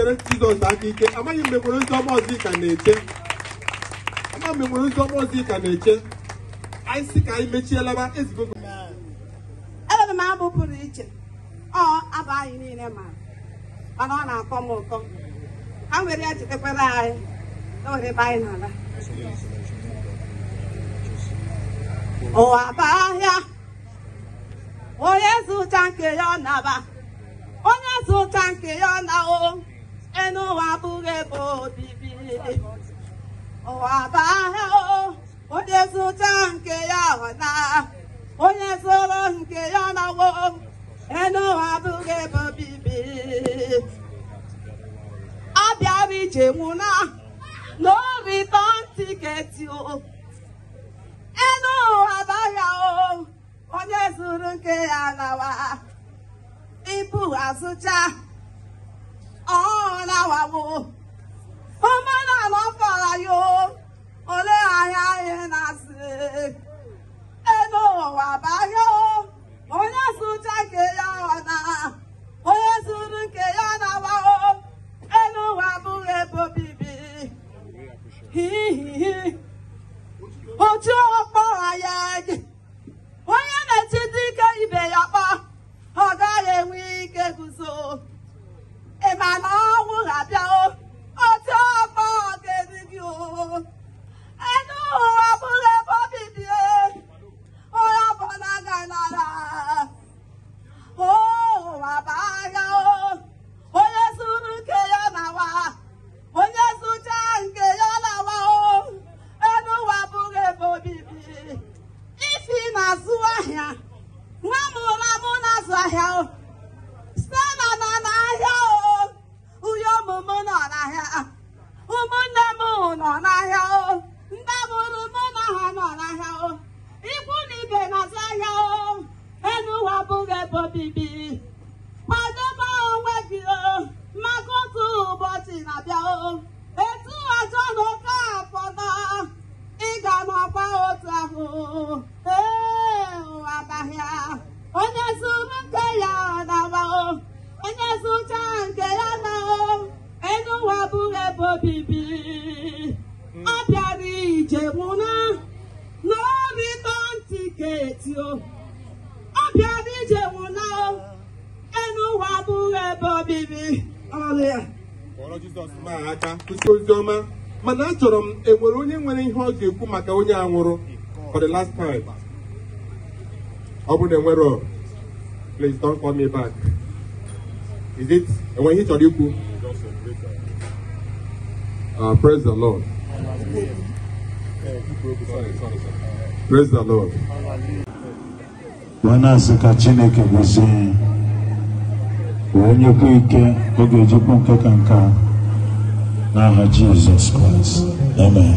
tere Jizọs aka ike amaghị mgbe ndị ọma ọzọ ka na-eche ama mmegburu ndị ọma ọzọ ka na-eche anyị sị ka anyị mechiela ma ezigbo ebe m abụ pụrụ iche ọ abụ anyị niile ma mana ọ na-akọ m ụtọ ha nwere ya jitekwara anyị na nwere ebe anyị na-ala ụwa bụ ahịa onye zụta nke ya ọ naba onye zụta nke ya ọ na o enu ụwa abụghị ebe obibi ụwa bụ ahịa onye zụta nke ya na onye zụrụ nke ya nawo enu ụwa abụghị ebe obibi a bịara ije nwụna na oritan o. enu ụwa bụ ahịa onye zụrụ nke ya nawa Ipu azụcha wa wo ọmọ náà lọ fara yo ole ahịa anyị na-asị ego ụwa bahịa onye sụcha nke ya na onye sụrụ nke ya na wa elu ụwa abụghị ebe obibi hihihi n'ahịa site na nọ n'ahịa o uyo ụmụ m nọ n'ahịa ụmụnne m nọ n'ahịa o ndị mụrụ mụ na ha nọ n'ahịa o ikwu na ibe na-azụ ahịa o enu ụwa ebe obibi o ọbịa na nwụla o enu ụwa abụghị ebe obibi ọrịa ọrụ Jizọs maa aka kwụsị ozi ọma mana achọrọ m enwere onye nwere ihe ọ ga-ekwu maka onye a nwụrụ for the last time ọ bụrụ na enwero please don't call me back is it enweghị ihe chọrọ ikwu ah, praise the lord praise the lord wee na-asị ka chineke gọzie wee nyekwa ike ọ ga-ejikwa nke ka nke n'aha jizọs kraịst amen